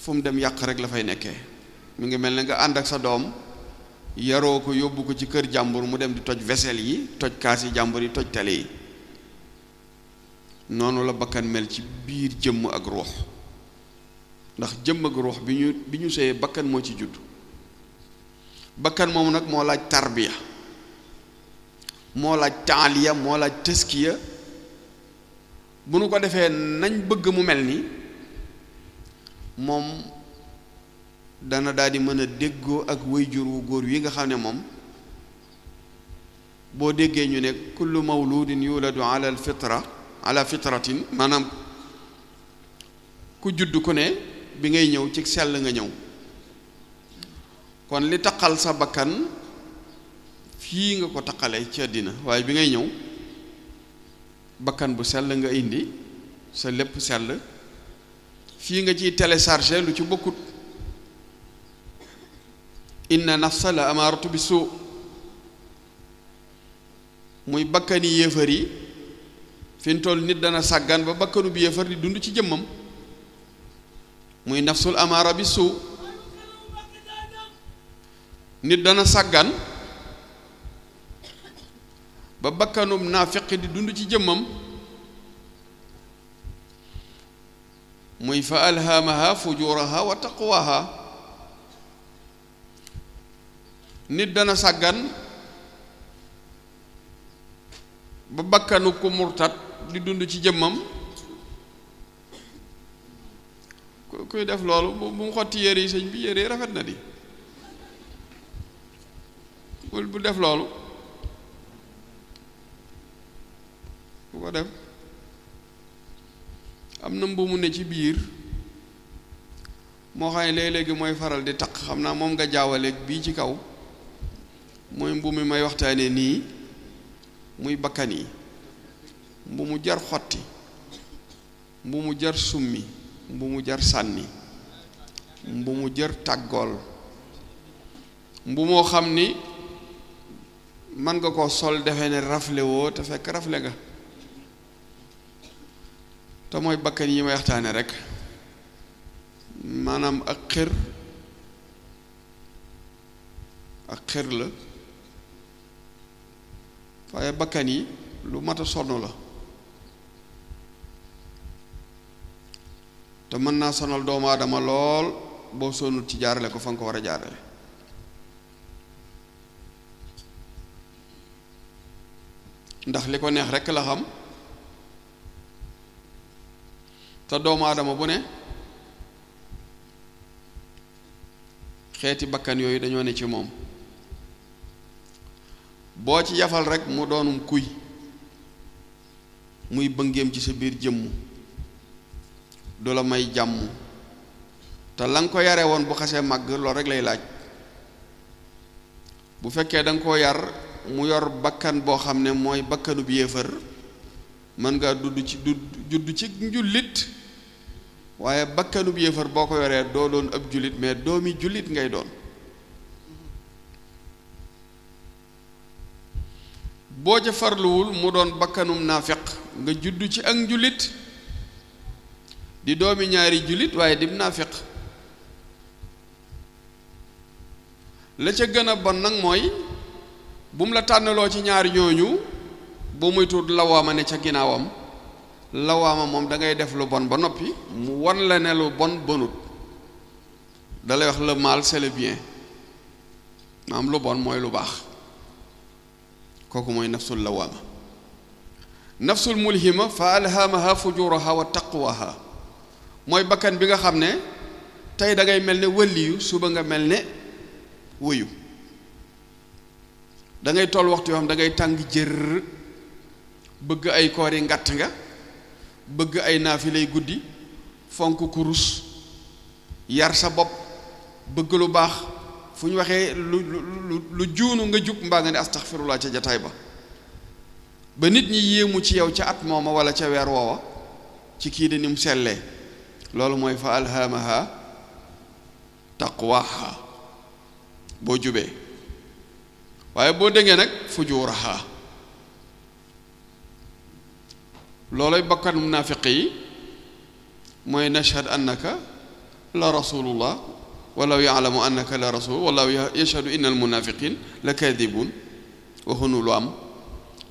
Fum dem yak rek la fay nekké mi ngi melni nga ànd ak sa dom yaro ko yobbu ko ci kër jambour mu dem di toj vessel yi toj kasi jambour yi toj tali yi noonu la bakkan mel ci bir jëm ak ruh ndax jëm ak ruh biñu biñu sey bakkan moo ci judd bakkan mom nak mo laaj tarbiya mo laaj taaliya mo laaj teskiya bunu ko defé nañ bëgg mu melni moom dana daal di mën a déggoo ak wayjur wu góor wi nga xam ne moom boo déggee ñu ne kullu mawludin yuladu ala al fitra ala fitratin maanaam ku judd ku ne bi ngay ñëw ci sell nga ñëw kon li taqal sa bakkan fii nga ko taqalee ci dina waaye bi ngay ñëw bakkan bu sell nga indi sa lépp sell fi nga ci télécharger lu ci bokut inna nafsa la amaaratu bisu muy bakkani yeufari fin tol mu nit dana sàggan ba bakkanu bi yeufari dund ci jëmmam muy nafsul amara bisu nit dana sàggan ba bakkanum nafiqi di dund ci jëmmam muy fa alhamaha fujuraha wa taqwaha nit dana sàggan ba bakkanu ku murtat di dund ci jëmmam kuy def loolu bu mu xotti bi rafet na di bu def loolu am na mbuumu ne ci biir moo xam ne léeg-léegi mooy faral di taq xam naa moom nga jaawaleeg bii ci kaw mooy mbuumi may waxtaane nii muy bakkan yi mbuumu jar xotti mbuumu jar summi mbuumu jar sànni mbuumu jar tàggool mbu moo xam ni mën nga koo sol defe ne rafle te fekk rafle nga te mooy bakkan yi ma waxtaane rek maanaam ak xër ak xër la waaye bakkan yi lu mat a sonn la te mën naa sonal doomu aadama lool boo sonnul ci jaarale ko fa nga ko war a jaarale ndax li ko neex rekk la xam te doomu aadama bu ne xeeti bakkan yooyu dañoo ne ci moom boo ci yafal rekk mu doonum kuy muy bëngeem ci sa biir jëmm du la may jàmm te la ko yare woon bu xasee màgg loolu rekk lay laaj bu fekkee danga nga ko yar mu yor bakkan boo xam ne mooy bakkanub yéefar mën ngaa dudd ci dudd judd ci njullit waaye bakkanub yéefar boo ko yoree doo doon ab jullit mais doomi jullit ngay doon boo jëfarluwul mu doon bakkanum naafiq nga juddu ci ak jullit di doomi ñaari jullit waaye dim naafiq la ca gën a bon nag mooy bu mu la tànnaloo ci ñaar ñooñu boo lawoo ma ne ca ginnaawam lawaama moom da ngay def lu bon ba noppi mu won la ne lu bon bonut da lay wax la mal sele le bien maanaam lu bon mooy lu baax kooku mooy nafsul lawaama nafsul mulhima fa alhamaha fujuraha wa taqwaha mooy bakkan bi nga xam ne tey da ngay mel ne wëliyu suba nga mel ne wëyu da ngay toll waxtu yoo xam da ngay tàng jër bëgg ay koor ngatt nga bëgg ay naafilay guddi fonk kurus yar sa bopp bëgg lu baax fu ñu waxee lu lu lu juunu nga jub mbaa nga ne astaghfirullah ca jataay ba ba nit ñi yéemu ci yow ca at mooma wala ca weer woowa ci kii de ni mu sellee loolu fa alhamaha taqwaha boo jubee waaye boo nag fujuuraha loolay bakkan munaafiq yi mooy nashhad annaka la rasulullah walaw yaalamu annaka la rasul walaw yashhadu inna al munafiqin la kadibun waxunu lu am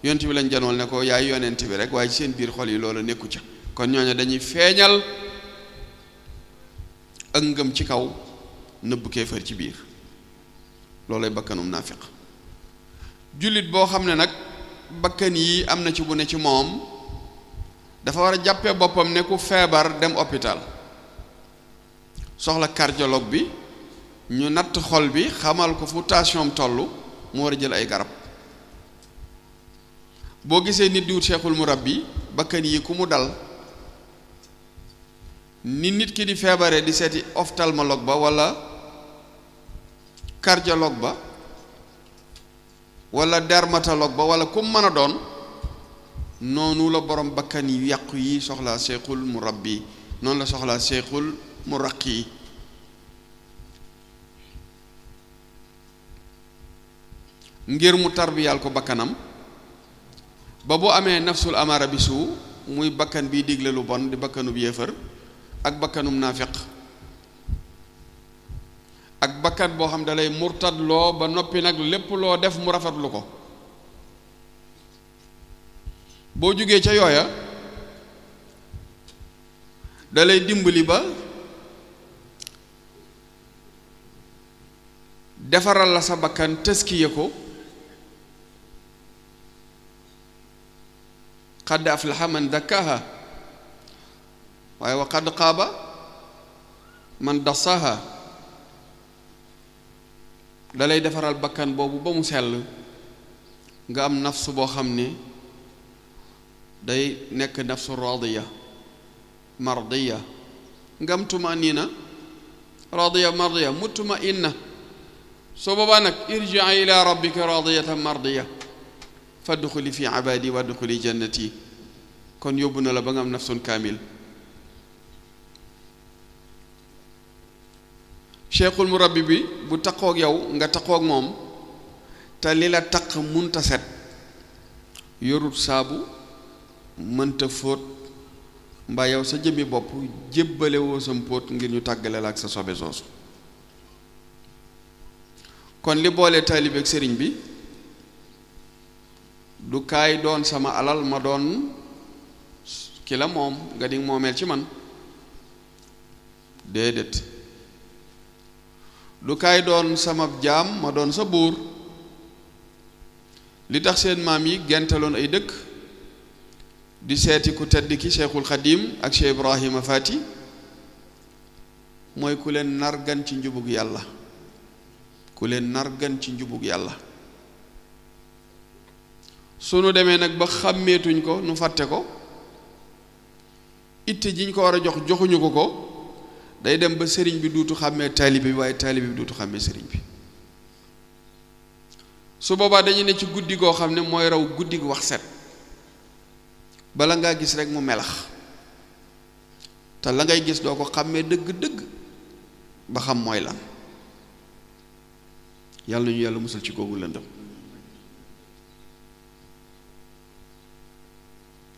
yonent bi lañ janool ne ko yaay yonent bi rek waaye ci seen biir xol yi loola nekku ca kon ñooñu dañuy feeñal ak ngëm ci kaw nëbb kéefar ci biir loolay bakkanum naafiq jullit boo xam ne nag bakkan yi am na ci bu ne ci moom dafa war a jàppee boppam ne ku feebar dem hôpital soxla cardiologue bi ñu natt xol bi xamal ko fu tension tollu mu war a jël ay garab boo gisee nit di wut cheikhul murabbi bakkan yi ku mu dal ni nit ki di feebaree di seeti ophtalmologue ba walla karjaloog ba walla dermatologue ba walla ku mën a doon نونو لا بروم bakkan yu سخلا شيخ المربي نون لا سخلا شيخ المرقي ngir mu tarbiyal ko bakanam ba bo amé nafsul amara bisu muy bakkan bi digle lu bon di bakkanub yéefar ak bakkanum nafiq ak bakkan bo xam dalay murtad lo ba nopi nak lépp lo def mu lu ko boo jógee ca yooya da lay dimbali ba defaral la sa bakkan tëskiye ko xadd aflaxa man dakkaha waaye wa xadd xaaba man defaral bakkan boobu ba mu sell nga am nafsu boo day nek nafsu radiya mardiya ngam tumanina radiya mardiya mutuma inna so baba nak irjaa ila rabbika radiyatan mardiya fadxuli fi abadi wadxuli jannati kon yobuna la ba ngam nafsun kamil cheikhul murabbi bi bu taqoog yow nga taqoog moom te li la taq munta yorut sabu mënta fóot mbayow sa jëmmi bopp jébbale woo ngir ñu tàggaleel ak sa sobe soosu kon li boole taalibe ak sëriñ bi du kaay doon sama alal ma doon ki moom nga di moomeel ci man déedéet du kaay doon sama jaam ma doon sa buur li tax seen maam yi gentaloon ay dëkk di seeti ku tedd ki cheikhul xadim ak cheikh ibrahima fati mooy ku leen nargan ci njubug yàlla ku leen nargan ci njubug yàlla nu demee nag ba xàmmeetuñ ko nu fàtte ko itte jiñ ko war a jox joxuñu ko ko day dem ba sëriñ bi duutu xàmmee taalibe bi waaye taalibe bi duutu xàmmee sëriñ bi su boobaa dañu ne ci guddi goo xam ne mooy raw guddi gu wax set bala ngaa gis rek mu melax te la ngay gis doo ko xàmmee dëgg-dëgg ba xam mooy lan yàlla ñu yàlla musal ci googu lëndëm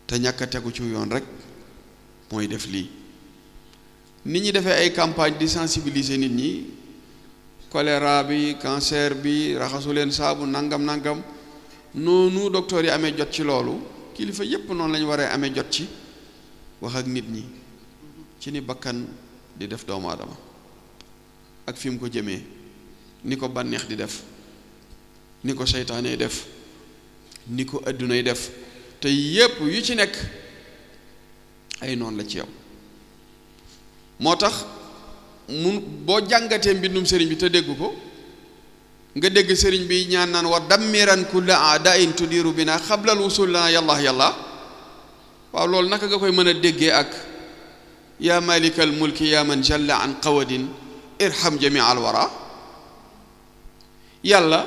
te ñàkk a tegu ci yoon rek mooy def lii nit ñi defee ay campagne di sensibiliser nit ñi choléra bi cancer bi raxasu leen saabu nangam nangam noonu docteur yi amee jot ci loolu kilifa yépp noonu lañu waree amee jot ci wax ak nit ñi ci ni bakkan di def doomu aadama ak fi mu ko jëmee ni ko bànneex di def ni ko seytaanee def ni ko addunay def te yépp yu ci nekk ay noonu la ci yow moo tax mun boo jàngatee mbindum sëriñ bi te dégg ko nga dégg sëriñ bi ñaan naan wa dammiran kulla aadain tudiru bina xablal wusul lana yàlla yàlla waaw loolu naka nga koy mën a déggee ak yaa malikal mulki yaa man jalla an qawadin irham jamia al yàlla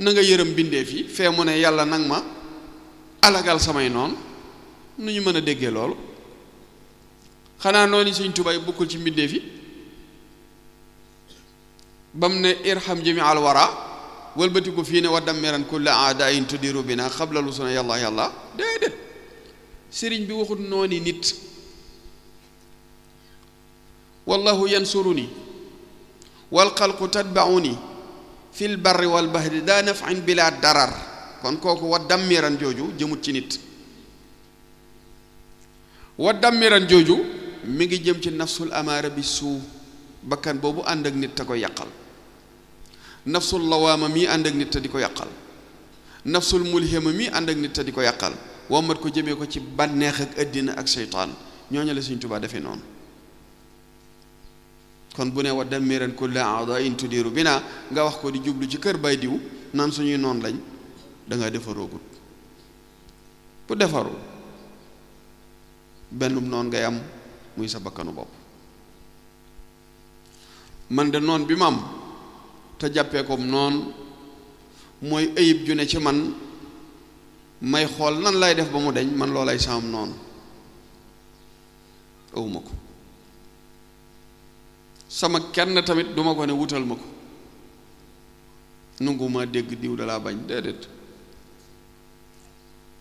na nga yërëm bindeef yi fee mu ne yàlla nag ma alagal samay noonu nu ñu mën a déggee loolu xanaa noonu suñ tubaay bokkul ci mbindeef yi ba mu ne irham jami al wara wëlbati ko fii ne wa dammiran kulla aadain tudiru bina xabla lu suna yàlla yàlla déedéet sëriñ bi waxut nooni nit wallahu yansuruni wal xalqu tatbauni fil barri wal bahri darar kon kooku wa dammiran jooju jëmut ci nit wa dammiran jooju mi ngi jëm ci nafsul amaara bi suu bakkan boobu ànd ak nit te ko yàqal nafsul lawaama mii ànd ak nit te di ko yàqal nafsul mulhima mii ànd ak nit te di ko yàqal wommat ko jëmee ko ci banneex ak àddina ak seytaan ñoo la Sëriñ Tuubaa defee noonu kon bu ne wa dammiran kulla a'da'in bi naa nga wax ko di jublu ci kër bay diw naan suñuy noon lañ da nga defaroogut bu defaru benn noon ngay am muy sa bakkanu bopp mën de noon bi ma te jàppee noonu mooy ayib ju ne ci man may xool nan laay def ba mu deñ man loolay saam noonu awuma ko sama kenn tamit duma ko ne wutal ma ko nunguma dégg diw dalaa bañ déedéet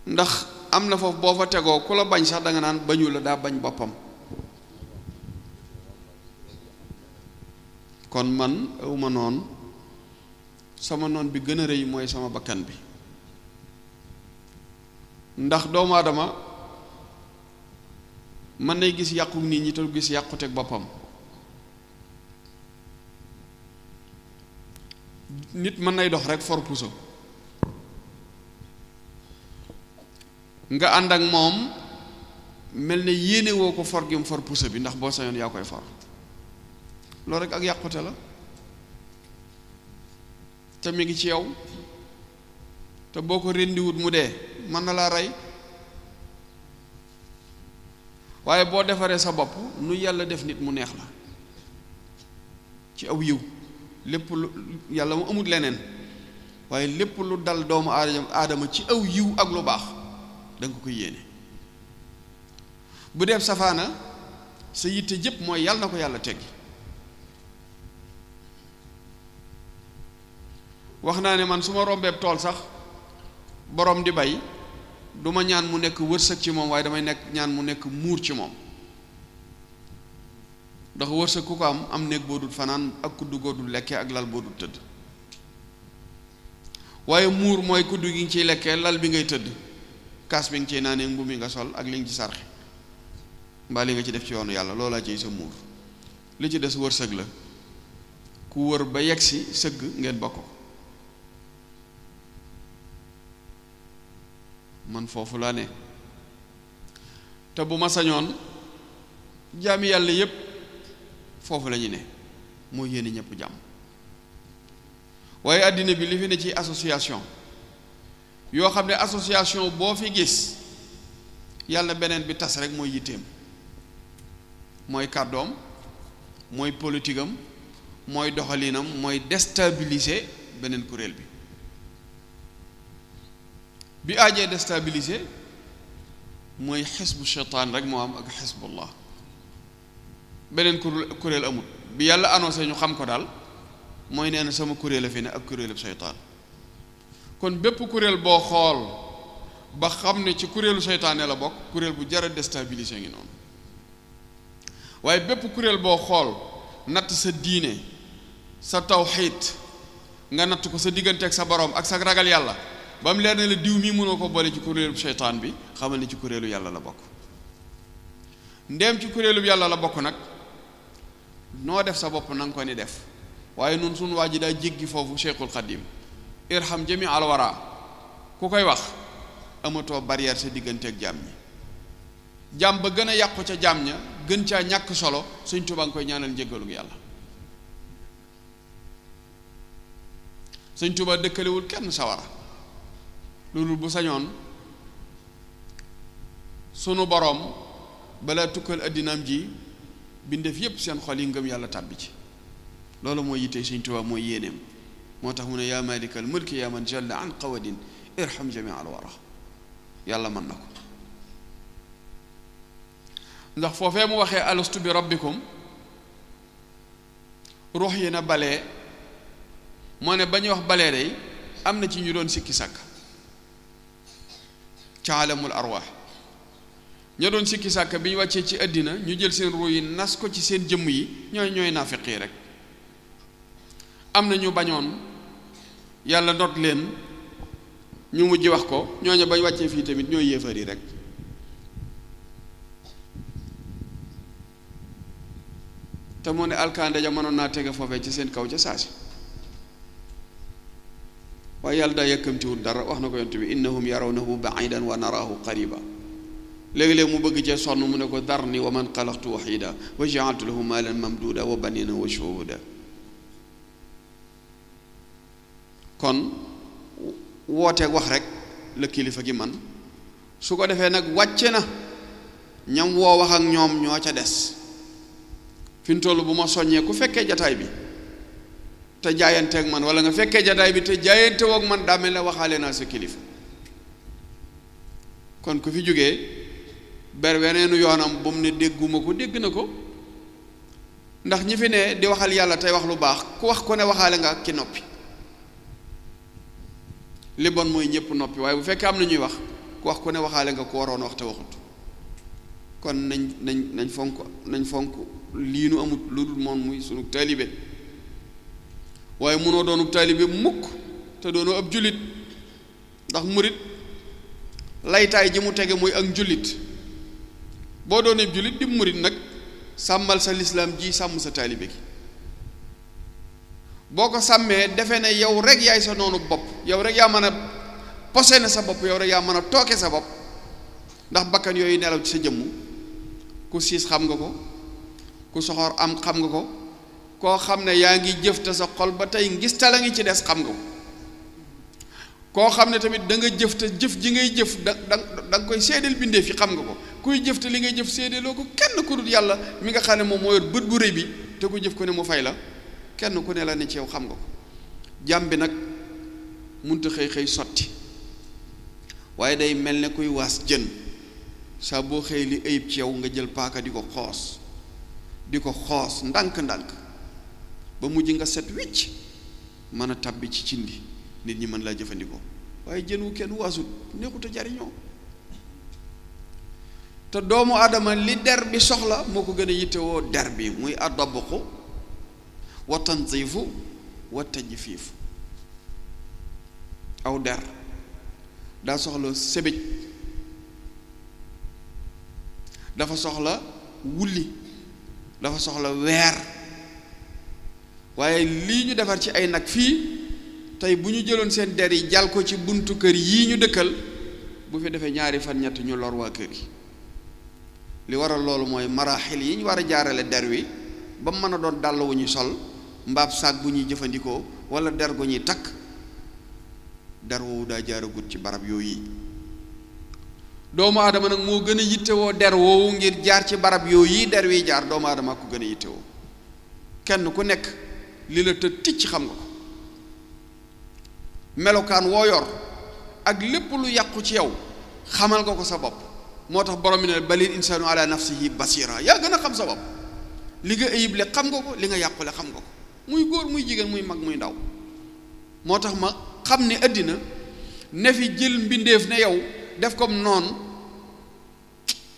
ndax am na fa boo fa tegoo ku la bañ sax danga naan bañu la daa bañ boppam kon man awuma noonu sama non bi gëna reuy moy sama bakkan bi ndax doom adama man lay gis yàqu nit ñi taw du gis yàquteg bopam nit man lay dox rek for puso nga and ak mom mel yene woko ko for gi mu for puso bi ndax bo sañoon yakoy for lo rek ak la te mi ngi ci yow te boo ko rendiwut mu dee mën na laa rey waaye boo defaree sa bopp nu yàlla def nit mu neex la ci aw yiw lépp lu yàlla mu amut leneen waaye lépp lu dal doomu aadama ci aw yiw ak lu baax da nga ko yéene bu dee safaana sa yitte jëpp mooy yàlla na ko yàlla teggi waxna ne man suma rombe tol sax borom di bay duma ñaan mu nek wërsëg ci mom waaye damay nek ñaan mu nek mur ci mom ndax wërsëg ku ko am am nek bodul fanan ak ku goo dul lekkee ak lal bodul teud waye mur moy ku kudd gi nga ciy lal bi ngay teud kaas bi ngi ciy naanee nga sol ak li ci sarx ba li nga ci def ci yoonu yalla lola ci sa mur li ci des wërsëg la ku wër ba yegsi seug ngeen man foofu laa ne te bu ma sañoon jaami yàlla yépp foofu la ñu ne mooy yéene ñëpp jàmm waaye àddina bi li fi ne ci association yoo xam ne association boo fi gis yàlla beneen bi tas rek mooy yitteem mooy kàddoom mooy politique mooy doxalinam mooy déstabiliser beneen kuréel bi bi aje déstabiliser moy hisbu cheytaan rek mo am ak allah benen kurel amul bi yàlla annoncé ñu xam ko dal moy neena sama kurel fi ne ak kurel cheytaan kon bépp kurel bo xol ba xamne ci kurel seytaane la bok kurel bu jara déstabiliser ngi non waye bépp kurel bo xol nat sa diine sa tawhid nga nat ko sa diggante ak sa borom ak sa ragal yàlla ba mu leer ne la diw mii mënoo ko boole ci kuréelu seytaan bi xamal ni ci kuréelu yàlla la bokk ndéem ci kuréelu yàlla la bokk nag noo def sa bopp na ko ni def waaye noonu sunu waa ji daa jéggi foofu cheikhul xadim irham jami alwara ku koy wax amatoo barrière sa diggante ak jaam ñi jaam ba gën a yàqu ca jaam ña gën caa ñàkk solo suñ tubaa nga koy ñaanal njéggalu yàlla suñ tubaa dëkkalewul kenn sawara lulul bu sañoon sunu borom bala tukkal addinaam ji bindef yépp seen xol yi ngëm yàlla tàbbi ci loolu mooy yittee Sëñ Tuubaa mooy yéeneem moo tax mu ne malikal mulki ya man jalla an qawadin irham jami al wara yàlla man na ko ndax foofee mu waxee alastu bi rabbikum ruux yi na balee moo ne ba ñuy wax balee day am na ci ñu doon sikki sàkk ca alamul arwaax doon sikki sàkk bi ñu wàccee ci àddina ñu jël seen ruu yi nas ko ci seen jëmm yi ñooy ñooy naafiq yi rek am na ñu bañoon yàlla dot leen ñu mujj wax ko ñooñu bañ wàccee fii tamit ñooy yéefar yi rek te moo ne alkaande ja mënoon naa tege foofee ci seen kaw ca saasi ويالدا يكمتي ودار واخنا كو يونتبي انهم يرونه بعيدا ونراه قريبا لغ لغ مو بغي تي سون مو نكو دارني ومن خلقت وحيدا وجعلت له مالا ممدودا وبنينا وشهودا كون ووتك واخ رك لكيليفا جي مان سوكو ديفه نك واتينا نيام وو واخ اك نيوم نيو تا ديس فين تولو بوما سوني كو فكه جتاي بي te jaayante ak man wala nga fekkee jataay bi te jaayante woog man daa mel ne waxaale naa sa kilifa kon ku fi jógee ber weneenu yoonam bu mu ne dégguma ko dégg na ko ndax ñi fi ne di waxal yàlla tey wax lu baax ku wax ko ne waxaale nga ak ki noppi li bon mooy ñëpp noppi waaye bu fekkee am na ñuy wax ku wax ko ne waxaale nga ku waroon wax te waxut kon nañ nañ nañ fonk nañ fonk lii nu amut lu dul moom muy sunu taalibe waaye munoo doonub taalibe mukk te doonoo ab jullit ndax murit laytaay ji mu tege muy ak njullit boo doonee jullit di murit nag sàmmal sa lislaam ji sàmm sa taalibe gi boo ko sàmmee defe ne yow rek yaay sa noonu bopp yow rek yaa mën a pose na sa bopp yow rek yaa mën a tooke sa bopp ndax bakkan yooyu nelaw ci sa jëmm ku siis xam nga ko ku soxoor am xam nga ko koo xam ne yaa ngi jëf te sa xol ba tey ngis a ngi ci des xam nga koo xam ne tamit danga jëf te jëf ji ngay jëf da da da koy seedeel bindeef yi xam nga ko kuy jëf te li ngay jëf seedeeloo ko kenn ku dul yàlla mi nga xam ne moom moo bët bu rëy bi te ku jëf ku ne mu fay la kenn ku ne la ne ci yow xam nga ko jàmm bi nag munta xëy xëy sotti waaye day mel ne kuy waas jën saa boo xëy li ayib ci nga jël paaka di ko xoos di ko xoos ndànk-ndànk ba mujj nga set wicc mën a tàbbi ci cin cindi nit ñi mën laa jëfandikoo waaye jën wu kenn waasut neexut a jariñoo te doomu aadama li der bi soxla moo ko gën a yittewoo der bi muy addabuqu wa tanzifu wa tajfiif aw der daa soxla sebej dafa soxla wulli dafa soxla weer waaye lii ñu defar ci ay nag fii tey bu ñu jëloon seen der yi jal ko ci buntu kër yii ñu dëkkal bu fi defee ñaari fan ñett ñu lor waa kër yi li waral loolu mooy maraaxil yi war a jaarale der wi ba mu mën a doon dàll wu ñuy sol mbaab saag bu ñuy jëfandikoo wala der gu ñuy takk der woowu daa jaaragut ci barab yooyu doomu adama nag moo gën a yittewoo der woowu ngir jaar ci barab yooyu der wi jaar doomu aadama ko gën a yittewoo kenn ku nekk. li la të ticc xam nga ko melokaan woo yor ak lépp lu yàqu ci yow xamal nga ko sa bopp moo tax borom mi ne balil insanu ala nafsihi basira yaa gën a xam sa bopp li nga ayib le xam nga ko li nga yàqule xam nga ko muy góor muy jigéen muy mag muy ndaw moo tax ma xam ni àddina ne fi jël mbindeef ne yow def comme noonu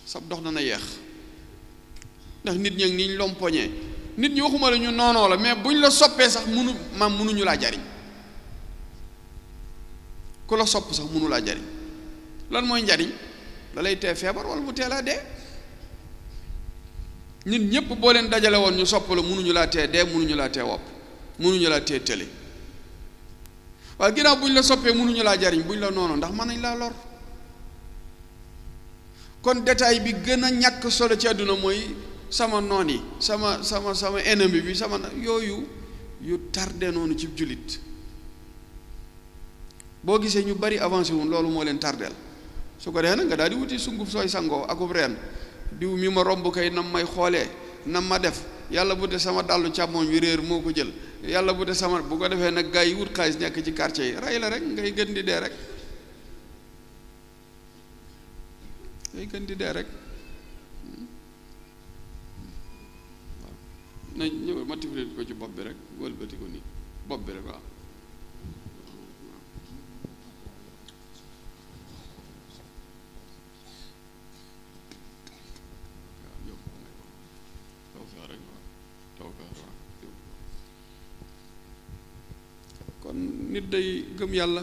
sab dox dana yeex ndax nit ñi niñ lompoñee nit ñi waxuma la ñu noonoo la mais buñ la soppee sax munu maam munuñu laa jariñ ku la sopp laa jariñ lan mooy njariñ da lay tee feebar wala mu tee laa dee nit ñépp boo leen dajale woon ñu sopp la munuñu laa tee dee munuñu laa tee wopp munuñu laa tee tële waaye ginnaaw buñ la soppee munuñu laa jariñ buñ la noonoo ndax mën nañ laa lor kon détail bi gën a ñàkk solo ci àdduna mooy sama noon yi sama sama sama ennemi bi sama yooyu yu tardé noonu cib jullit boo gisee ñu bari avancé wuñ loolu moo leen tardeel su ko defee nag nga daal di wuti sunguf sooy sangoo akub reen diw mi ma romb kay nam may xoolee na ma def yàlla bu dee sama dàll càmmoñ wi réer moo ko jël yàlla bu dee sama bu ko defee nag gars yi wut xaalis nekk ci quartier yi rey la rek ngay gën di dee rek ngay gën di dee rek nañ ñëw ma ko ci bopp bi rek wëlbati ko nii bopp bi rek waaw kon nit day gëm yàlla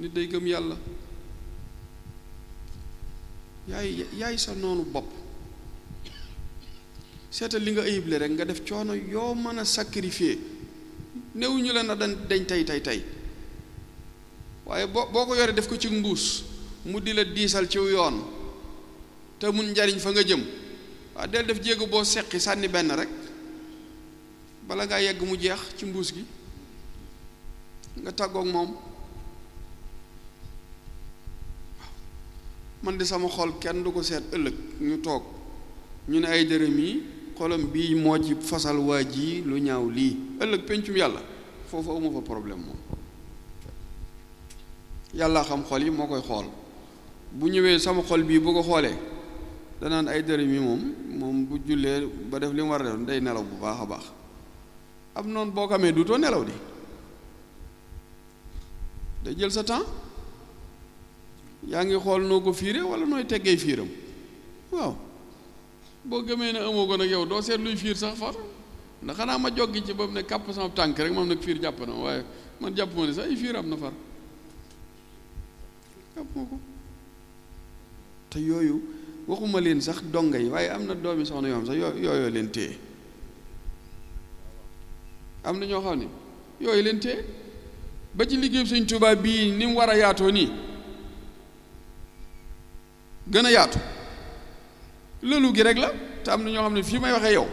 nit day gëm yàlla yaay yaay sa noonu bopp seetal li nga ayible rek nga def coono yoo mën a sacrifier ñu la na dañ dañ tey tey tey waaye boo boo ko yore def ko ci mbuus mu di la diisal ciw yoon te mun njariñ fa nga jëm waaw del def jéego boo seqi sànni benn rek bala ngaa yegg mu jeex ci mbuus gi nga tàggoog moom man di sama xol kenn du ko seet ëllëg ñu toog ñu ne ay dërëm yi xolam bii moo ci fasal waa ji lu ñaaw lii ëllëg pencum yàlla foofu amu fa problème moom yàlla xam xol yi moo koy xool bu ñëwee sama xol bii bu ko xoolee danaan ay dërëm yi moom moom bu jullee ba def li mu war a def day nelaw bu baax a baax am noonu boo ko amee duutoo nelaw di day jël sa temps yaa ngi xool noo ko fiire wala nooy teggee fiiram waaw boo gëmee ne amoo ko nag yow doo seet luy fiir sax far ndax xanaa ma joggi ci boobu ne kàpp sama tànk rek moom nag fiir jàpp na waaye man jàpp ma ne sax ay fiir am na far jàpp te yooyu waxuma leen sax donga yi waaye am na doomi soxna yoo xam sax yoo leen téye am na ñoo xam ne yooyu leen téye ba ci liggéey Sëñ Tuubaa bii ni mu war a yaatoo nii gën a yaatu lëlu gi rek la te am na ñoo xam ne fii may waxee yow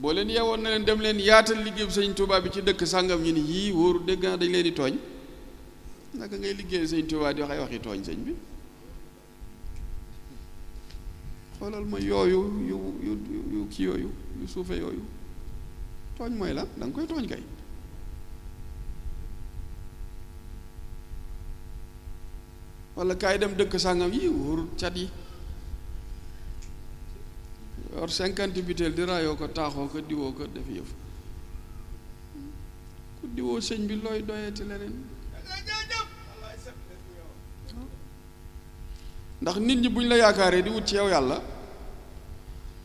boo leen yeewoon na leen dem leen yaatal liggéeyu sëñ Tuubaa bi ci dëkk sàngam ñu ni yii wóoru dégg naa dañ leen di tooñ naka ngay liggéey sëñ Tuubaa di wax waxi tooñ sañ bi xoolal ma yooyu yu yu yu kii yooyu yu suufe yooyu tooñ mooy la danga koy tooñ kay wala kaay dem dëkk sàngam yii wóoru cat yi yor cinquante butéel di rayoo ko taaxoo ko diwoo ko def yëf ku diwoo sëñ bi looy doyati leneen ndax nit ñi buñ la yaakaaree di wut ci yow yàlla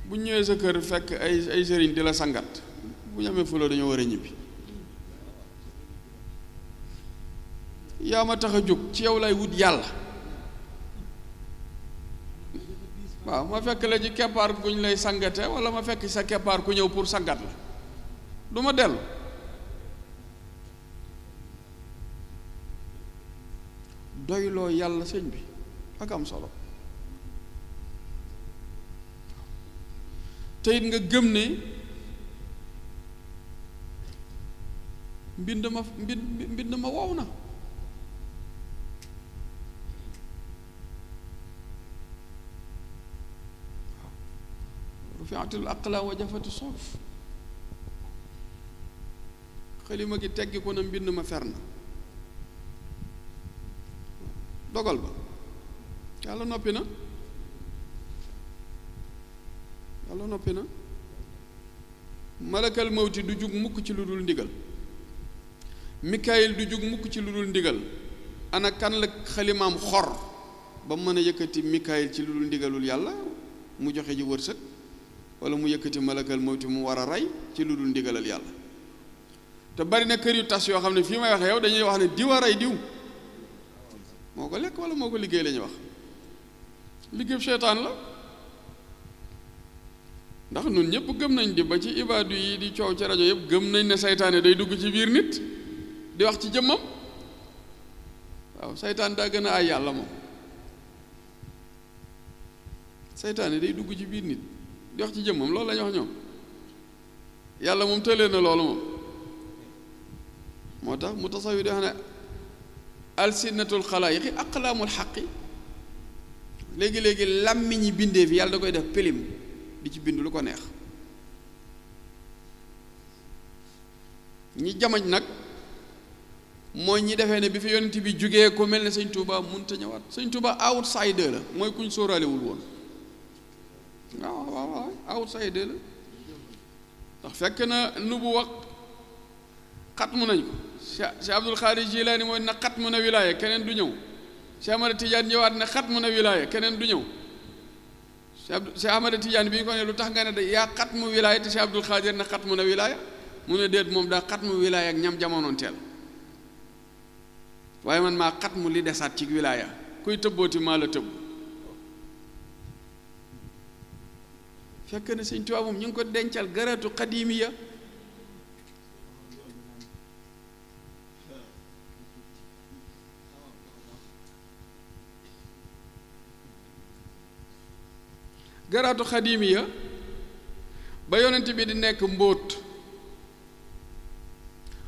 bu ñëwee sa kër fekk ay ay sëriñ di la sangat bu ñu amee fuloo dañoo war a ma tax ci yow lay wut waaw ma fekk la ci keppaar guñ lay sangate wala ma fekk sa keppaar ku ñëw pour sangat la du dellu doyloo yàlla sëñ bi ak am solo te nga gëm ne mbind ma mbind ma wow na rufiatul aqlaam wa jafatu suhuf xalima gi teggi ko na mbind ma fer na dogal ba yàlla noppi na yàlla noppi na malakal mawti du jug mukk ci lu dul ndigal mikayil du jug mukk ci lu dul ndigal ana kan la xalimaam xor ba mën a yëkkati mikayil ci lu dul ndigalul yàlla mu joxe ji wërsëg wala mu yëkkati malakal mawti mu war a rey ci lu dul ndigalal yàlla te bari na kër yu tas yoo xam ne fii may waxe yow dañuy wax ne diw a rey diw moo ko lekk wala moo ko liggéey la wax liggéey seytaan la ndax nun ñëpp gëm nañ di ba ci ibaadu yi di coow ci rajo yëpp gëm nañ ne seytaane day dugg ci biir nit di wax ci jëmmam waaw seytaan daa gën a ay yàlla moom seytaane day dugg ci biir nit di wax ci jëmmam loolu la ñu wax yàlla moom tëlee na loolu moom moo tax mu tasawi di wax ne alsinatul xalaayiqi aqlaamul xaqi léegi-léegi làmmiñi bindee fi yàlla da koy def pilim di ci bind lu ko neex ñi jamañ nag mooy ñi defee ne bi fi yonent bi jógee ku mel ne sëñ Touba mënut a ñëwaat sëñ Touba outsider la mooy kuñ sóoraalewul woon waaw waaw waaw outsider la ndax fekk na nubu wax mu nañ ko Cheikh Abdul Xaadir Jilaani mooy na xatmu na wilaaya keneen du ñëw Cheikh Ahmada Tidiane ñëwaat na xatmu na wilaaya keneen du ñëw Cheikh Ahmada Tidiane bi ñu ko ne lu tax nga ne da yaa xatmu wilaaya te Cheikh Abdul Xaadir na xatmu na wilaaya mu ne déet moom daa xatmu wilaaya ak ñam jamonoon teel waaye man maa xatmu li desaat ci wilaaya kuy tëbbooti maa la tëbb fekk na sëñ Tuubaa ñu ngi ko dencal garatu xadimiya garaatu xadimiya ba yonent bi di nekk mbóot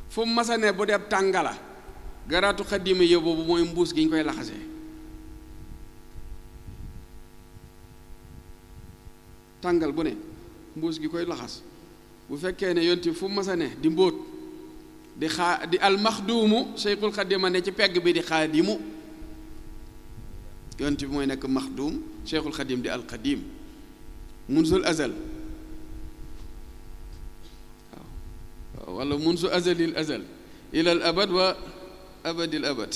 fu mu masane bu deb tàngala garaatu xadimiya boobu mooy mbuus gi ñu koy laxasee tàngal bu ne mbuus gi koy laxas bu fekkee ne yonti fu mas a ne di mbóot di xaa di al almaxduumu cheikhul xadima ne ci pegg bi di xaadimu yonti bi mooy nekk maxduum cheikhul xadim di alxadim munsul azal waaw wala munsu il azal ila al abad wa abad abadil abad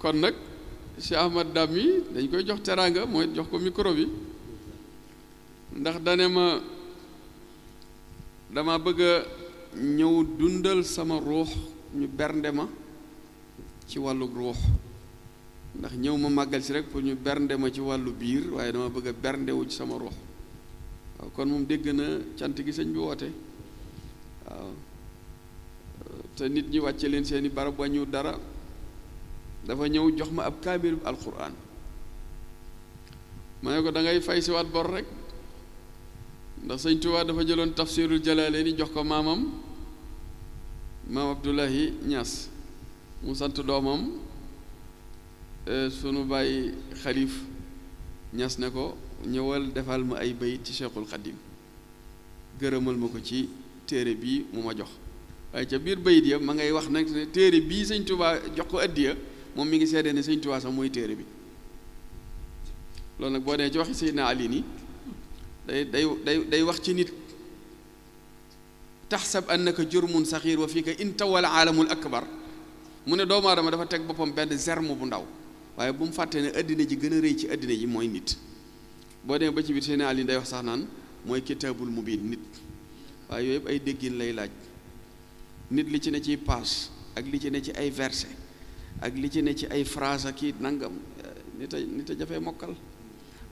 kon nag Cheikh Ahmad Dam yi dañ koy jox teraanga mooy jox ko micro bi ndax dane ma dama bëgg a ñëw dundal sama ruux ñu bernde ma ci wàllu ruux ndax ñëw ma màggal si rek pour ñu bernde ma ci wàllu biir waaye damaa bëgg a ci sama ruux waaw kon moom dégg na cant gi sëñ bi woote waaw te nit ñi wàcce leen seeni barab wàññiwul dara dafa ñëw jox ma ab al alquran ma ko da ngay fay ci wat bor rek ndax señ Tuubaa dafa jëlon tafsirul jalalain jox ko mamam. Mam Abdullahi Nias. mu sant euh sunu bàyyi Khalif. ñas ne ko ñëwal defal ma ay bay ci cheikhul qadim gërëmal mako ci téré bi mu ma jox waaye ca biir bayit ya ma ngay wax nag téere bii sëñ jox ko addiya moom mi ngi seede ne sëñ Tuubaa sax mooy téere bi loolu nag boo dee ci waxi Seydina Ali nii day day day day wax ci nit tax taxsab annaka jurmun saxiir wa fii ka intawal aalamul akbar mu ne doomu aadama dafa teg boppam benn germe bu ndaw waaye bu mu fàtte ne addina ji gën a rëy ci àddina ji mooy nit boo demee ba ci biir Seydina Ali day wax sax naan mooy mu mubiin nit waaye yooyu yëpp ay déggin lay laaj nit li ci ne ciy paas ak li ci ne ci ay verset ak li ci ne ci ay phrase ak i nangam nit a nit a jafee mokkal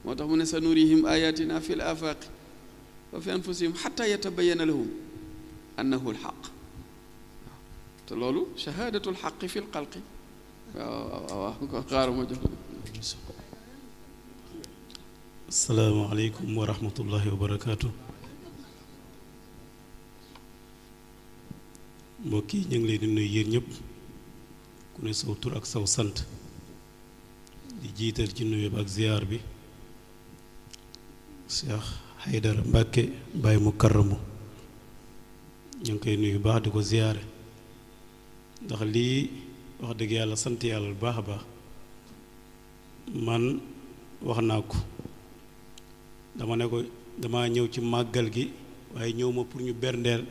moo tax mu ne sa nurihim ayatina fi l afaqi wa fi anfusihim xata yatabayana lahum annahu lxaq waaw te loolu shahadatu lxaqi fi lxalqi waaw waaw waaw xaaruma jox asalaamaaleykum wa rahmatullahi wa barakaatu mbokk yi ñu ngi leen di nuyu yéen ñëpp ne tur ak saw sant di jiital ci nuyu ak ziyaar bi Cheikh Haydara Mbàkke Baay Mukarramu ñu ngi koy nuyu baax di ko ziyaare ndax lii wax dëgg yàlla sant yàlla bu baax a baax man wax naa ko dama ne ko dama ñëw ci màggal gi waaye ñëw ma pour ñu berndeel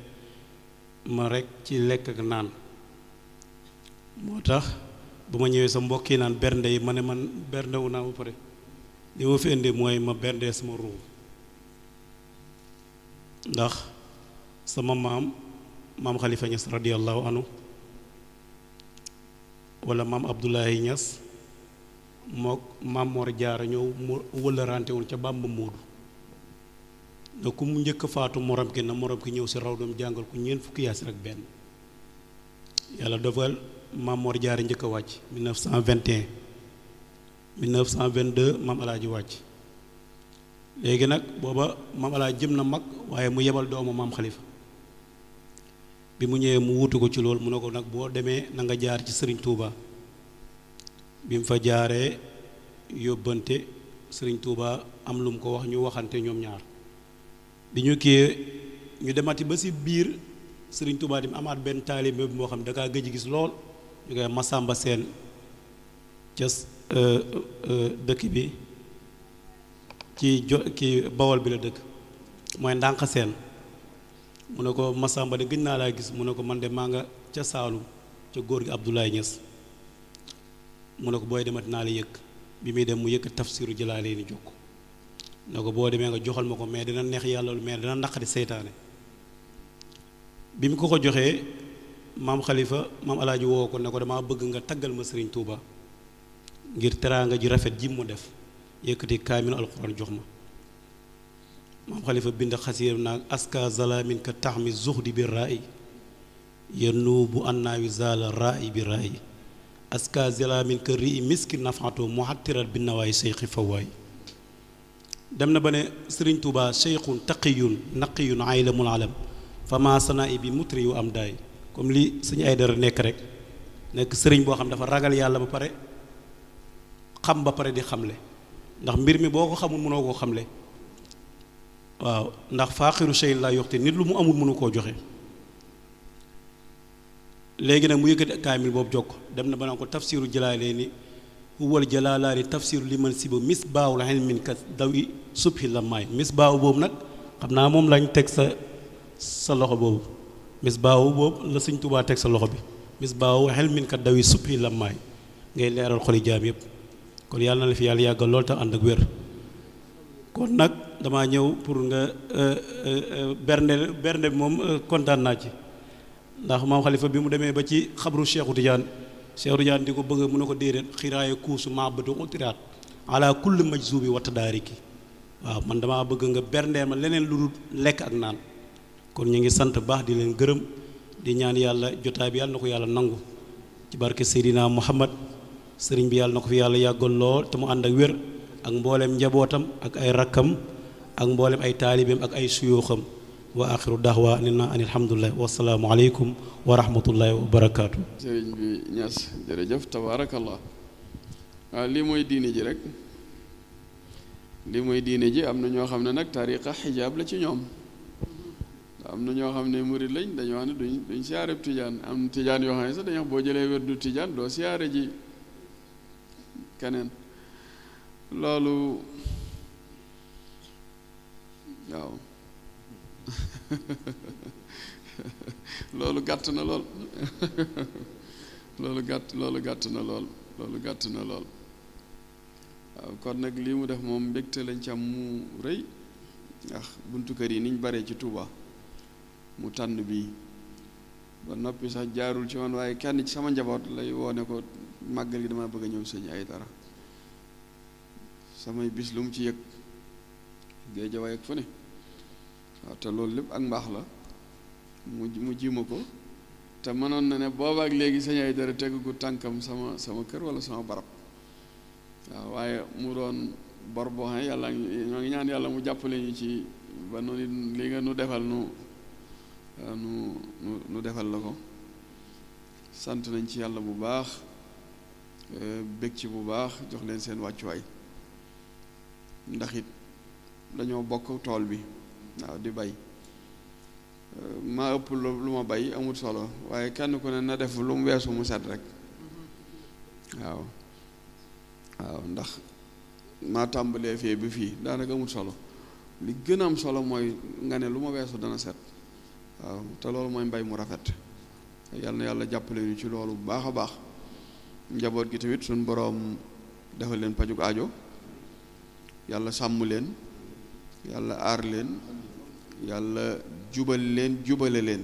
ma rekk ci lekk ak naan moo tax bu ma ñëwee sa mbokk yi naan bernde yi ma ne man bernde wu naa ba pare li ma fi mooy ma bernde sama ruu ndax sama maam maam Khalifa Niass radiallahu anhu wala maam Abdoulaye Niass mook maam Mor Jaara ñëw mu wëllarante woon ca Bàmba Moodu na ku mu njëkk faatu morom ki na morom ki ñëw si raw doom jàngal ku ñeent fukki yaas rek benn yàlla dogal maam Mor Diarra njëkk wàcc a wàcc 1921 1922 maam Alaaji wàcc léegi nag booba maam Alaaji jëm na mag waaye mu yebal doomu maam Khalifa bi mu ñëwee mu wuutu ko ci lool mu ne ko nag boo demee na nga jaar ci sëriñ Touba bi mu fa jaaree yóbbante sëriñ Touba am lu mu ko wax ñu waxante ñoom ñaar bi ñu kii ñu demati ba si biir Serigne Touba di amaat benn taalibe moo xam da kaa gëj gis lool. ñu koy Masamba Seen ca euh, euh, dëkk bi ci jo ci Bawol bi la dëkk mooy ndànk seen mu ne ko Masamba de gëj naa laa gis mu ne ko man dem maa nga ca Saalum ca góor gi Abdoulaye Niass mu ne ko booy demat naa yëkk bi muy dem mu yëkk tafsiru jëlaalee ni jokk ne ko boo demee nga joxal ma ko mais dina neex yàlla mais dina naqari seytaane bi mu ko ko joxee maam khalifa maam alaaji woo ko ne ko damaa bëgg nga taggal ma sëriñ Touba ngir teraanga ji rafet ji mu def yëkkati kaamil alxuraan jox ma maam xalifa bind xasiir naag aska zalamin ka tax mi bi raay yennu bu annaawi zaala raay bi raay aska zalamin ka rii miski nafaatoo mu xattiral bi nawaay seyxi fawaay dem na ba ne sëriñ Touba seyxun taqiyun naqiyun aylamul alam fama sanaa bi mutri yu am daay comme li suñu ay dara nekk rek nekk sëriñ boo xam dafa ragal yàlla ba pare xam ba pare di xamle ndax mbir mi boo ko xamul mënoo koo xamle waaw ndax faaxiru shay laa yoxte nit lu mu amul mënu koo joxe léegi nag mu yëkkati kaamil boobu jokk dem na ba naan ko tafsiru jëlaalee ni huwal jëlaalaani tafsiru li man siba mis baawul ilmin ka daw i subhi la maay mis baaw boobu nag xam naa moom lañu teg sa sa loxo boobu mis baawu boobu la sëñ Tuubaa teg sa loxo bi mis baawu xel min kat dawi suppi lammaay ngay leeral xoli jaam yépp kon yàlla na fi yàlla yàggal lool te ànd ak wér kon nag damaa ñëw pour nga euh, euh, euh, bernde bernde bi moom kontaan naa ci ndax maam xalifa bi mu demee ba ci xabru Cheikhu Tidiane Cheikhu Tidiane di ko bëgg mu ne ko déedéet xiraaye kuusu maabatu utiraat ala kulli majzubi wa tadaariki waaw man dama bëgg nga berndeel ma leneen lu dul lekk ak naan kon ñu ngi sant baax di leen gërëm di ñaan yàlla jotaay bi yàlla na ko yàlla nangu ci barke Seydina Muhammad sëriñ bi yàlla na ko fi yàlla yàggal lool te mu ànd ak wér ak mbooleem njabootam ak ay rakkam ak mbooleem ay taalibeem ak ay suyooxam wa axiru daxwa nina an alhamdulilah wasalaamu aleykum wa rahmatullahi wa barakaatu. sëriñ bi ñas jërëjëf tabaarakallah waaw ah, lii mooy diine ji rek lii mooy diine ji am na ñoo xam ne nag tariqa xijaab la ci ñoom. am na ñoo xam ne murit lañ dañoo xam ne duñ duñ siyaare tijaan am na tijaan yoo xam ne sax dañoo boo jëlee wér du tijaan doo siyaare ji keneen loolu waaw loolu gàtt na lool loolu gàtt gàtt na lool gàtt na lool waaw kon nag lii mu def moom mbégte lañ ci am mu rëy ndax buntu kër yi niñ baree ci Tuuba mu tànn bi ba noppi sax jaarul ci man waaye kenn ci sama njaboot lay woone ko màggal gi dama bëgg a ñëw sëñ ay dara samay bis lu mu ci yëg géejawaay ak fu ne waaw te loolu ak mbaax la mu mu jima ko te mënoon na ne booba ak léegi sëñ ay dara tànkam sama sama kër wala sama barab waaw waaye mu doon bor boo xam yàlla ngi ñaan yàlla mu jàppale ñu ci ba noonu li nga nu defal nu Euh, nu nu defal la ko sant nañ ci yàlla bu baax euh, bég ci bu baax jox leen seen wàccuwaay ndax it dañoo bokk tool bi waaw di bay euh, maa ëpp lu ma bay amut solo waaye kenn ku ne na def lu mu weesu mu set rek waaw waaw ndax maa tàmbalee fee bi fii daanak amut solo li gën a am solo mooy nga ne lu ma weesu dana set waaw te loolu mooy mbay mu rafet yàlla na yàlla jàppale ñu ci loolu bu baax a baax njaboot gi tawit suñ boroom defal leen pajug aajo yàlla sàmm leen yàlla aar leen yàlla jubal leen jubale leen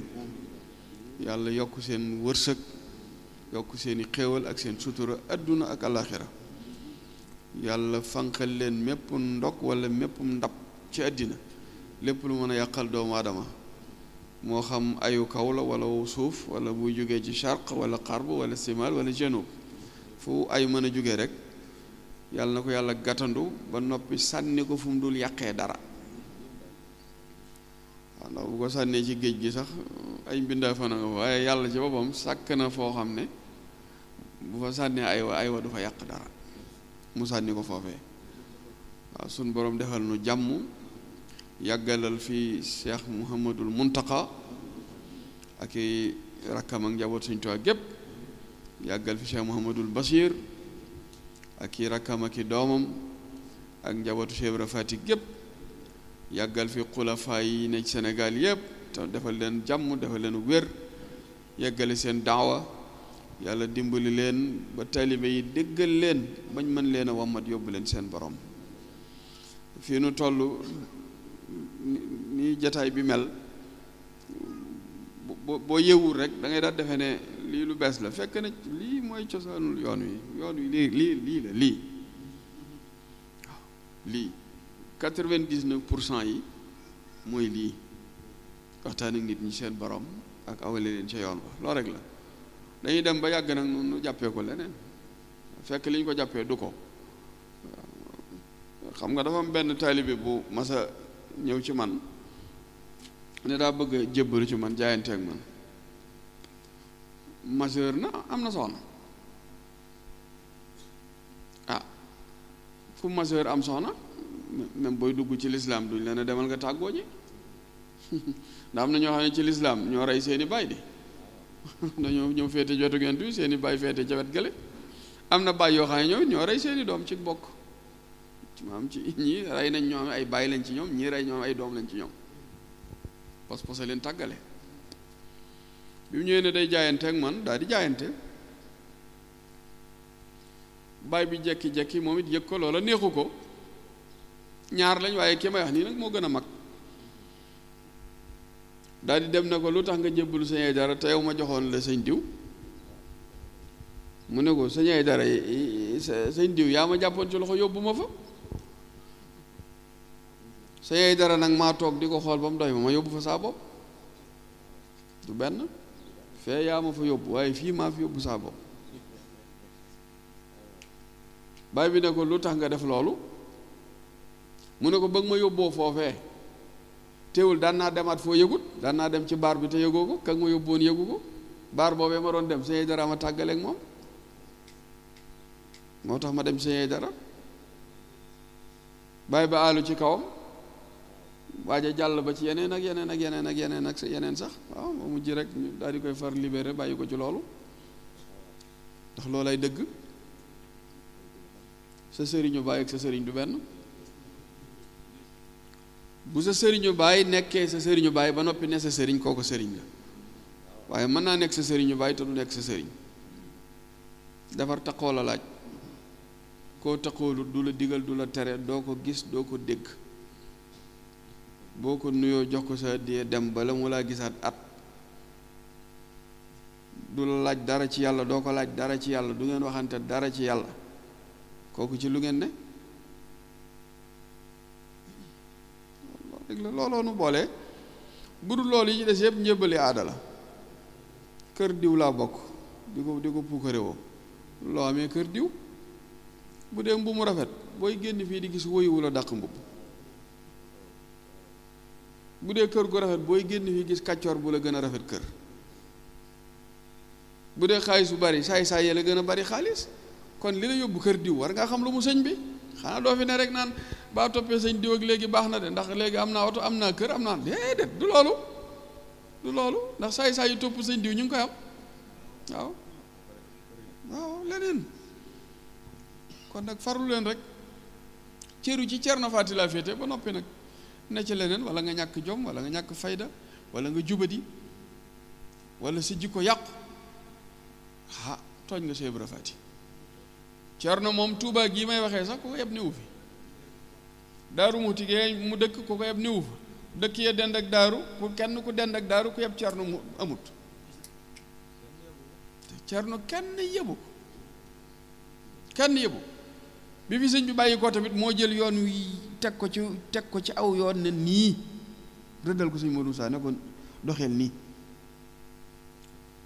yàlla yokk seen wërsëg yokk seeni xéewal ak seen sutura àdduna ak alaxira yàlla fanqal leen mépp ndog walla mépp ndab ci àddina lépp lu mën a yàqal doomu aadama moo xam ayu kaw la wala suuf wala buy jógee ci charq wala xarb wala simal wala janub fu ay mën a jóge rek yàlla na ko yàlla gàttandu ba noppi sànni ko fu dul yàqee dara waaw sànnee ci géej gi sax ay mbindaa fana waaye yàlla ci boppam sàkk na foo xam ne bu fa sànnee ay wa ay wa du fa yàq dara mu sànni ko foofe waaw suñ borom defal nu jàmm yàggalal fi Cheikh Mouhamadul Muntaqa ak i rakkam ak njaboot Sëñ Tuubaa gépp yàggal fi Cheikh Mouhamadul Bachir ak i rakkam ak doomam ak njabootu Cheikh Ibra Fati gépp yàggal fi xulafaa yi ne ci Sénégal yëpp te defal leen jàmm defal leen wér yàggale seen daawa yàlla dimbali leen ba taalibe yi déggal leen bañ mën leen a wàmmat yóbbu leen seen boroom fii nu toll ni jataay bi mel boo boo yewul rek dangay ngay daal defe ne lii lu bees la fekk na lii mooy cosaanul yoon wi yoon wi lii lii lii la lii waaw lii quatre-vingt-dix-neuf pour cent yi mooy lii waxtaan ak nit ñi seen borom ak awale leen ca yoon ba loolu rek la dañuy dem ba yàgg nag nu jàppee ko leneen fekk li ko jàppee du ko xam nga dafa am benn taalibe bu masa ñëw ci man ne daa bëgg a jébbalu ci man jaayanteek ak man majeur na am na soxna ah fu majeur am soxna même booy dugg ci lislaam duñ leen a demal nga tàggoo ji ndax am na ñoo xam ne ci lislaam ñoo rey seeni baay di dañoo ñëw féete jotu gent bi seeni baay féete jawet gële am na baay yoo xam ne ñëw ñoo rey seeni doom ci bokk ci am ci ñii rey nañ ñoo am ay bàyyi lañ ci ñoom ñii rey ñoom ay doom lañ ci ñoom pos posé leen tàggale bi mu ñëwee ne day jaayante ak man daal di jaayante baay bi jekki-jekki moom it yëg ko loola neexu ko ñaar lañ waaye ki may wax nii nag moo gën a mag daal dem na ko lu tax nga jébbalu sëñ Aydara te yow ma joxoon la sëñ diw mu ne ko sëñ Aydara eh, eh, eh, sëñ diw yaa ma jàppoon ci loxo yóbbuma fa sa dara nag maa toog di ko xool ba mu doy ma ma yóbbu fa saa bopp du benn fee fa yóbbu waaye fii maa fi yóbbu saa bopp baay bi ne ko lu tax nga def loolu mu ne ko bëgg ma yóbboo foofee teewul daan naa demaat foo yëgut daan naa dem ci baar bi te yëgoo ko kag ma yóbboon yëgu ko baar boobee ma doon dem sa yey dara ma tàggaleeg moom moo tax ma dem sa dara baay ba àllu ci kawam waaj a jàll ba ci yeneen ak yeneen ak yeneen ak yeneen yeneen sax waaw mu ji rek ñu di koy far libéré bàyyi ko ci loolu ndax loolay dëgg sa sëriñu baay ak sa sëriñ du benn bu sa sëriñu baay nekkee sa sëriñu baay ba noppi ne sa sëriñ koo ko sëriñ la waaye mën naa nekk sa sëriñu baay te du nekk sa sëriñ defar taqoo la laaj koo taqoolu du la digal du la tere doo ko gis doo ko dégg boko nuyo jox ko sa di dem ba la gisat at du la laaj dara ci yalla do ko laaj dara ci yalla du ngeen waxante dara ci yalla koku ci lu ngeen ne lolo la nu bolé budu lolo yi ci dess yeb ñeubali adala la kër diw la bok diko diko pukere wo lo amé kër diw bu dem bu mu rafet boy genn fi di gis woyu wu la dàq bu dee kër gu rafet booy génn fi gis kàccoor bu la gën a rafet kër bu dee xaalis bu bari saay saay la gën a bari xaalis kon li la yóbbu kër diw war ngaa xam lu mu sëñ bi xanaa doo fi ne rek naan baa toppee sañ diw ak léegi baax na de ndax léegi am naa oto am naa kër am naa déedéet du loolu du loolu ndax saay saay yu topp sëñ diw ñu ngi koy am waaw waaw leneen kon nag farlu leen rek cëru ci cer na fàtti laa féete ba noppi nag ne ci leneen wala nga ñàkk jom wala nga ñàkk fayda wala nga jubadi walla sa jikko yàqu ah tooñ nga Cheikh Ibra Faty Cerno moom Tuubaa gii may waxee sax ku ko yeb niwu fi daaru mu tigee mu dëkk ku ko yeb niwu fa dëkk yee dend ak daaru ku kenn ku dend ak daaru ku yeb Cerno mu amut te Cerno kenn yebu ko kenn yebu bi fi sëñ bi bàyyi ko tamit moo jël yoon wi teg ko ci teg ko ci aw yoon ne nii rëddal ko suñu Modou Moussa ne ko doxeel nii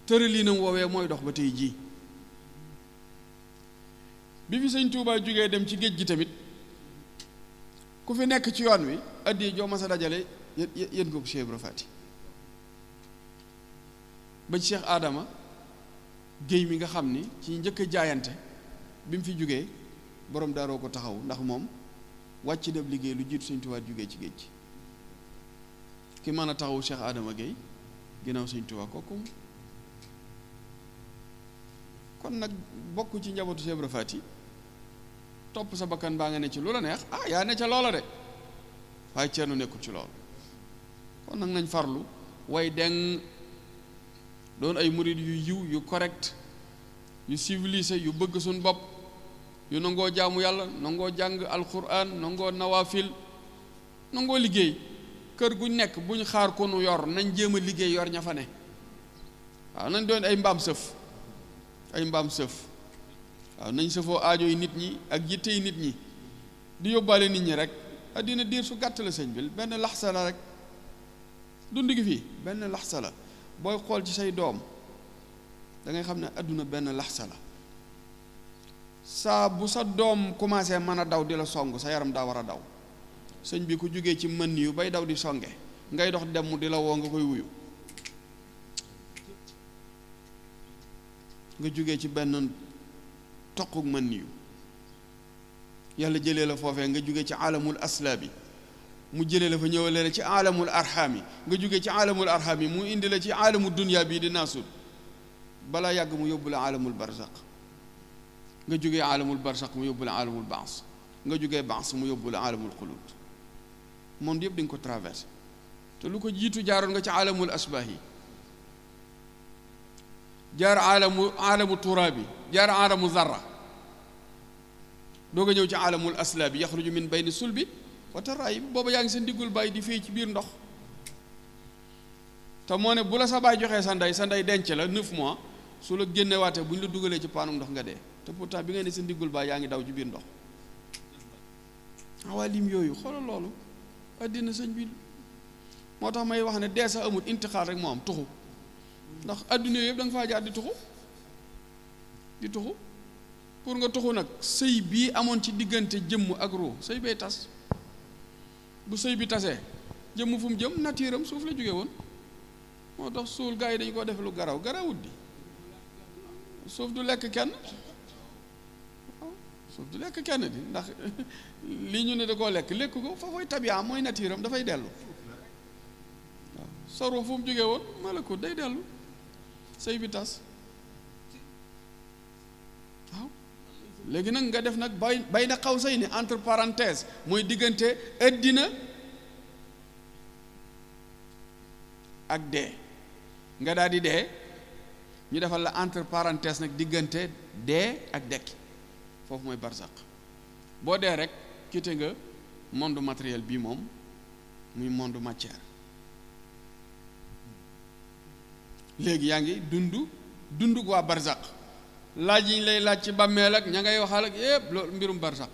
tëraliinam woowee mooy dox ba tey jii bi fi sëñ Touba jógee dem ci géej gi tamit ku fi nekk ci yoon wi addi joo masa dajale yéen nga ko Cheikh Ibra ba ci Cheikh Adama géej mi nga xam ni ci njëkk jaayante bi mu fi jógee borom daaroo ko taxaw ndax moom wàcc deb liggéey lu jiitu sëñ Tuubaa jógee ci géej ki mën a taxawu Cheikh Adama gay ginnaaw sëñ kon nag bokk ci njabootu Cheikh Ibra Faty topp sa bakkan baa nga ne ci lu neex ah ya ne ca loola de waaye ceerno nekkul ci lool kon nag nañ farlu way deng Don' ay murid yu yiw yu correct yu civilisé yu bëgg sun bopp yu nangoo jaamu yàlla nangoo jàng alquran nangoo nawaafil nangoo liggéey kër guñ nekk buñ xaar ko yor nañ jéem a liggéey yor ña fa ne waaw nañ doon ay mbaam sëf ay mbaam sëf waaw nañ sëfoo aajo nit ñi ak yitte nit ñi di yóbbaale nit ñi rek àddina diir su gàtt la sëñ bi benn laxsa la rek dund gi fii benn laxsa la booy xool ci say doom da xam ne àdduna benn laxsa la sa bu sa dom commencé mën daw di la song sa yaram da wara daw señ bi ku jógee ci mën yu bay daw di songé ngay dox dem di la woo nga koy wuyu nga jógee ci ben tokku mën yu yalla jëlé la fofé nga jógee ci alamul aslabi mu jëlé la fa ñëwalee ci alamul arhami nga jógee ci alamul arhami mu indi la ci alamu dunia bi di nasul. bala yag mu yobul alamul barzakh nga jógee aalamul barsak mu yóbbu la aalamul baas nga jógee baas mu yóbbu la aalamul xuluut monde yëpp di ko traversé te lu ko jiitu jaaroon nga ci aalamul asbahi yi jaar alamu aalamu turaabi jaar aalamu zarra doog nga ñëw ci aalamul aslaabi yaxruju min bayni sulbi wa taraayib booba yaa ngi seen diggul bàyyi di fay ci biir ndox te moo ne bu la sa baay joxee sa ndey sa ndey denc la neuf mois su la génnewaatee buñ la dugalee ci panum ndox nga dee te pourtant bi nga ne sa ndiggul baa yaa ngi daw ci biir ndox waa lim yooyu xoolal loolu àddina sëñ bi moo tax may wax ne dee sa amut intixaal rek moo am tuxu ndax àdduna yëpp danga fa jaar di tuxu di tuxu pour nga tuxu nag sëy bii amoon ci diggante jëmm ak ruu sëy bay tas bu sëy bi tasee jëmm fu mu jëm nature suuf la jóge woon moo tax suul gars yi dañu ko defe lu garaw garawut di suuf du lekk kenn lekk kenn di ndax li ñu ne da koo lekk lekk ko foofu mooy tabiyaam mooy natiiram dafay dellu waaw saru fu mu jógee woon malakut day dellu sëy bi tas léegi nag nga def nag bay bay na xaw say ni entre parenthèse mooy diggante ëddina ak dee nga daal di dee ñu defal la entre parenthèse nag diggante dee ak dekki foofu mooy barzaq boo dee rek kite nga monde matériel bii moom muy monde matière léegi yaa ngi dund dund waa barzaq laaj yi lay laaj ci bàmmeel ak ña ngay waxal ak yépp loolu mbirum barzaq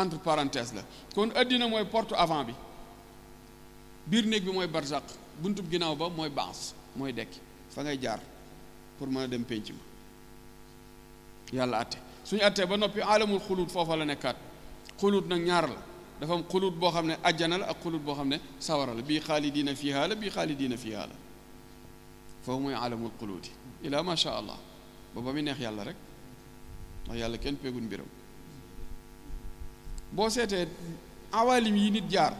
entre parenthèse la kon àddina mooy porte avant bi biir néeg bi mooy barzaq buntub ginnaaw ba mooy baas mooy dekk fa ngay jaar pour mën a dem pénc ma yàlla atte suñu attee ba noppi aalamul xuluut foofa la nekkaat xuluut nag ñaar la dafa am xuluut boo xam ne ajjana la ak xuluut boo xam ne sawara la bii xaalidiina fiihaa la bii xaalidiina fiihaa la foofu mooy aalamul xuluuti ilaa ma sha allah ba ba mu neex yàlla rek ndax yàlla kenn péegun mbiram boo seetee awaalim yi nit jaar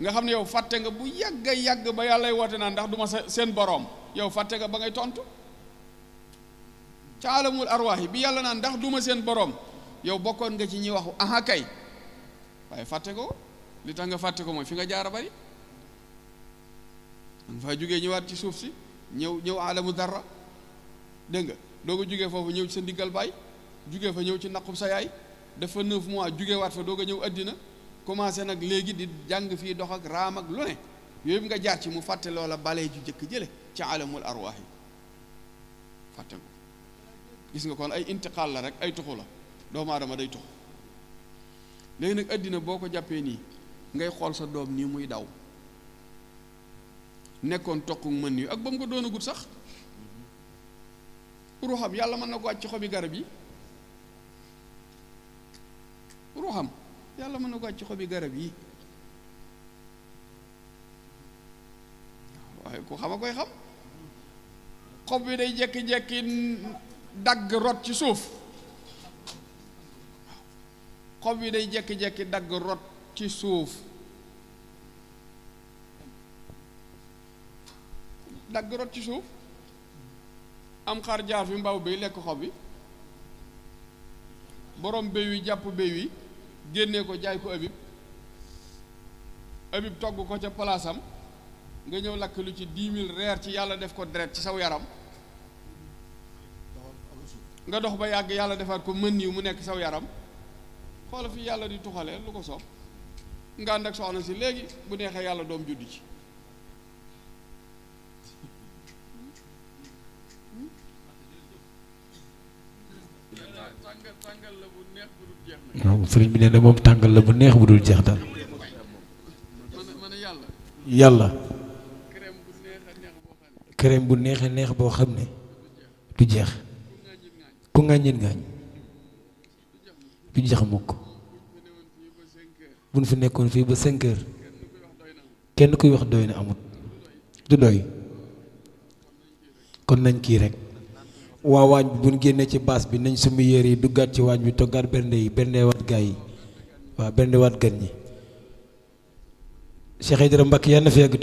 nga xam ne yow fàtte nga bu yàgg a yàgg ba yàllay woote naa ndax du ma seen boroom yow fàtte nga ba ngay tontu ca alamul arwaax bi yàlla naan ndax duma seen borom yow bokkoon nga ci ñi waxu aha waaye fàtte ko li tax nga fàtte ko mooy fi nga jaar a bari danga faa jógee ñëwaat ci suuf si ñëw ñëw alamu dara dégg nga doo ko jógee foofu ñëw ci sa ndiggal baay jógee fa ñëw ci naqub sa yaay dafa neuf mois waat fa doo ko ñëw àddina commencé nag léegi di jàng fii dox ak raam ak lu ne yooyu nga jaar ci mu fàtte loola balee ju jëkk jële ca alamul arwaax yi fàtte ko gis nga kon ay intiqaal la rek ay tuxu la doomaadama day tux léegi nag àddina boo ko jàppee nii ngay xool sa doom nii muy daw nekkoon toq mën nii ak ba mu ko doon a gut sax ruuxam yàlla mën na ko wàcc xobi garab yi ruuxam yàlla mën na ko wàcc xobi garab yi waaye ku xam koy xam xob bi day jekki-jekki dagg rot ci suuf xob wi day jékki-jékki dagg rot ci suuf dagg ci suuf am xar jaar fi mbaaw bi lekk xob bi boroom béy wi jàpp béy wi génne ko jaay ko abib abib togg ko ca palaasam nga ñëw lakk lu ci dix mille reer ci yàlla def ko deret ci saw yaram nga dox ba yàgg yàlla defaat ko mën mu nekk saw yaram xoola fi yàlla di tuxalee lu ko soob nga ànd ak soxna si léegi bu neexee yàlla doom juddi ci sëriñ bi nee na moom tàngal la bu neex bu dul jeex daal yàlla crème bu neex a neex boo xam ne du jeex ku ngàññeen ngaañ du jeex mukk buñ fi nekkoon fii ba cinq kenn kuy wax doy na amut du doy kon nañ kii rek waa waañ bi buñ génnee ci baas bi nañ summi yére yi duggaat ci waañ bi toggaat bernde yi berndewaat gaa yi waaw berndewaat gan ñi Cheikh Aïdara Mbacké yàlla fi yàgg